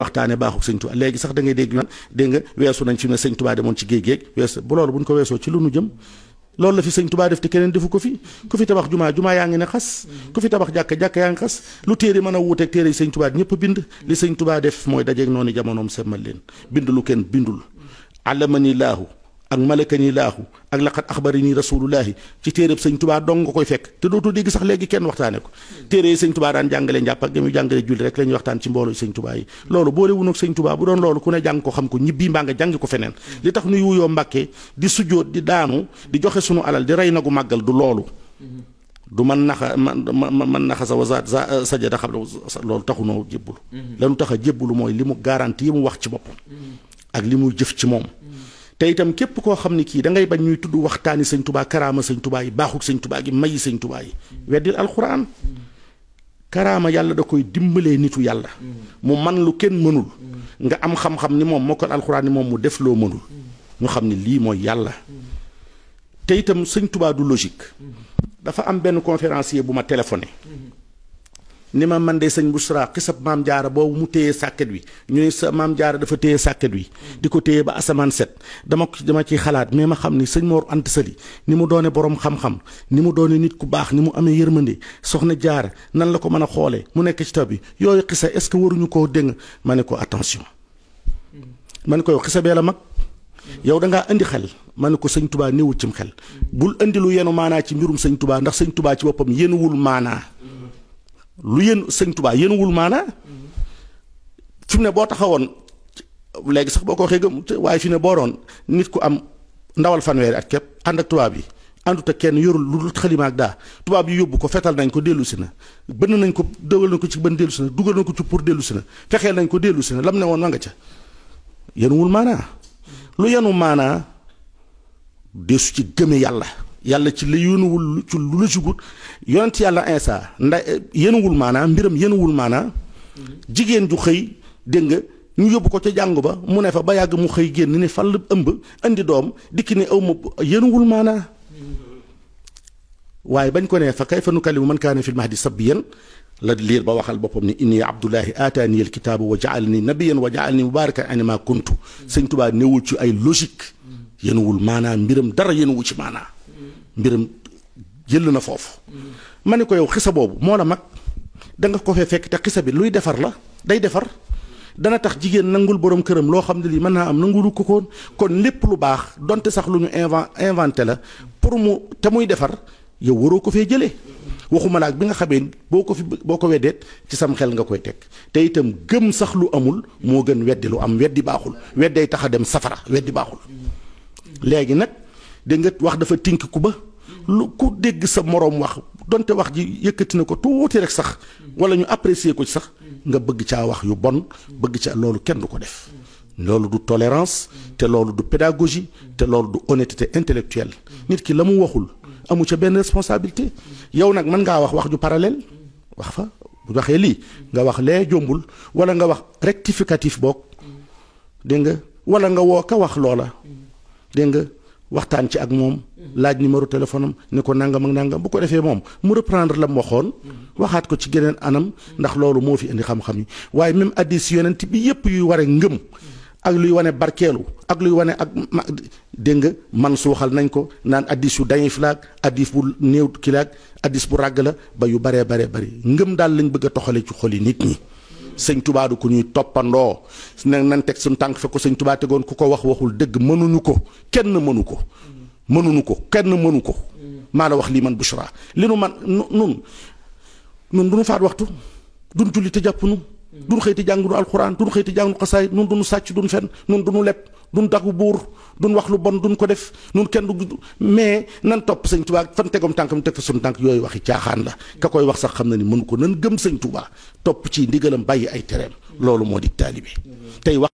waxtaane baaxul sëñ Tuubaa léegi sax da ngay dégg dégg nga weesu nañ fi mu ne sëñ Tuubaa demoon ci géej géej weesu bu loolu bu ñu ko weesoo ci lu nu jëm loolu la fi sëñ Tuubaa def te keneen defu ko fi ku fi tabax jumaa jumaa yaa ngi ne xas ku fi tabax jàkk jàkk yaa ngi xas lu téere mën a wuuteeg téere yi sëñ Tuubaa ñëpp bind li sëñ Tuubaa def mooy dajeeg noonu jamonoom semmal leen bind kenn bindul alamani ak malakani laahu ak laqat axbari nii rasulullahi ci téereb sañ tubaa dong nga koy fekk te dootoo dégg sax léegi kenn waxtaane ko téere yi sëñ tubaa daan jàngale njàpp ak gamuy jàngale julli rek la ñuy waxtaan ci mbooloo sëñ ko xam ko ñibbi jàngi ko feneen li tax nuy wuyoo mbàkke di sujjóot di daanu di joxe sunu alal di rey nagu màggal du loolu du man naxa man man naxa sa wasaat sa sajada xam loolu taxu noo jébbulu mhm. lanu tax a jébbulu mooy li mu garanti yi mu wax ci boppam mhm. ak li muy jëf ci moom te itam képp koo xam ne kii dangay bañ ñuy tudd waxtaani sëñ tubaa karaama sëñ tubaa yi baaxuk sëñ tubaa gi mayi sëñ tubaa yi weddil alxuraan karaama yàlla da koy dimbalee nitu yàlla mu man lu kenn mënul nga am xam-xam ni moom mokkal alxuraan ni moom mu def loo mënul ñu xam ni lii mooy yàlla te itam sëñ tubaa du logique dafa am benn conférencier bu ma téléphoné ni ma man de sëñ Bouchra xisab maam jaara boobu mu téye sàkket wi ñu ne sa maam jaara dafa téye sàkket wi di ko téye ba asamaan set dama ko dama ciy xalaat mais ma xam ni sëñ Mor Anta Sali ni mu doone boroom xam-xam ni mu doone nit ku baax ni mu amee yërmande soxna jaara nan la ko mën a xoolee mu nekk ci taw bi yooyu xisa est-ce que waruñu koo dégg ma ne ko attention ma ne ko yow xisa bee la mag yow da ngaa indi xel ma ne ko sëñ tubaa néewul cim xel bul indi lu yenu maanaa ci mbirum sëñ ndax sëñ tubaa ci boppam yenuwul maanaa lu yéen sëñ Touba yéen wul maanaa fi ne boo taxawoon léegi sax boo ko waxee gëm waaye fi boo booroon nit ku am ndawal fanweeri at képp ànd ak tubaab yi àndut kenn yorul lu dul xalima ak daa tubaab yi yóbbu ko fetal nañ ko dellusi na bënn nañ ko dugal nañ ko ci bën dellu si na dugal nañ ko ci pour dellusi si na fexeel nañ ko dellusi na lam ne woon ma nga ca yenuwul maanaa lu yenu maanaa deesu ci gëme yàlla yàlla ci la yónnuwul ci lu la ci yonent yàlla insa nda yéenuwul maanaam mbiram yéenuwul maanaa jigéen ju xëy dégg nga ñu yóbbu ko ca jàngu ba mu ne fa ba yàgg mu xëy génn ni fàll ëmb indi doom dikki ni aw ma yéenuwul maanaa waaye bañ ko nee fa kayfa nukallimu man kaana fil mahdi sabiyyan la liir ba waxal boppam ni inni abdullahi aataani al kitaabu wa jaalani nabiyan wa jaalani mubaarakan anima kuntu sëñ tubaa newul ci ay logique yéenuwul maanaa mbiram dara yéenuwu ci maanaa mbiram jël na foofu. ma ne ko yow xisa boobu moo la mag da nga ko fee fekk te xisa bi luy defar la day defar dana tax jigéen nangul borom këram loo xam ne lii mën naa am nangulu ko koon kon lépp lu baax donte sax lu ñu inven inventé la pour mu te muy defar yow waroo ko fee jëlee. waxuma laak bi nga xamee boo ko fi boo ko weddeet ci sam xel nga koy teg te itam gëm sax lu amul moo gën weddi lu am weddi baaxul weddey tax a dem safara weddi baaxul léegi nag dégg nga wax dafa tink ku ba lu ku dégg sa moroom wax donte wax ji yëkkati na ko tuuti rek sax walla ñu apprécier ko ci sax nga bëgg caa wax yu bon bëgg ca loolu kenn du ko def loolu du tolérance te loolu du pédagogie te loolu du honnêteté intellectuelle nit ki la mu waxul amu ca benn responsabilité yow nag mën ngaa wax wax ju parallèle wax fa bu waxee lii nga wax lee jombul walla nga wax rectificatif boog dégg nga walla nga woo ka wax loola dégg nga waxtaan ci ak moom. laaj numéro téléphone am ni ko nangam ak nangam bu ko defee moom mu reprendre la mu waxoon. waxaat ko ci geneen anam. ndax loolu moo fi indi xam-xam yi waaye même addis yonent bi yépp yuy ware ngëm. ak luy wane barkeelu ak luy wane ak ma dégg nga man suuxal nañ ko naan addis yu dañuy filaag addis bu néew kilaag addis bu ràgg la ba yu baree baree bari ngëm daal lañ bëgg a toxalee ci xoli nit ñi. sëñ tubaa ku ñuy toppandoo ne nan teg suñu tànk fekk ko sëñ tubaa tegoon ku ko wax waxul dëgg mënuñu ko kenn mënu ko mënuñu ko kenn mënu ko maa la wax lii man Bouchra li nu man nun nun du nu faat waxtu dun julli te jàpp nu dun xëy te jàng nu alxuraan dun xëy te jàng nu xasaay nun du nu sàcc dun fen nun du nu lepp duñ dagu buur duñ wax lu bon duñ ko def nun kenn du mais nan topp sëñ Tuubaa fan tegom tànkam teg fa suñu tànk yooyu waxi caaxaan la ka koy wax sax xam na ni mënu ko nan gëm sëñ Tuubaa topp ci ndigalam bàyyi ay tereem loolu moo di taalibe tey wax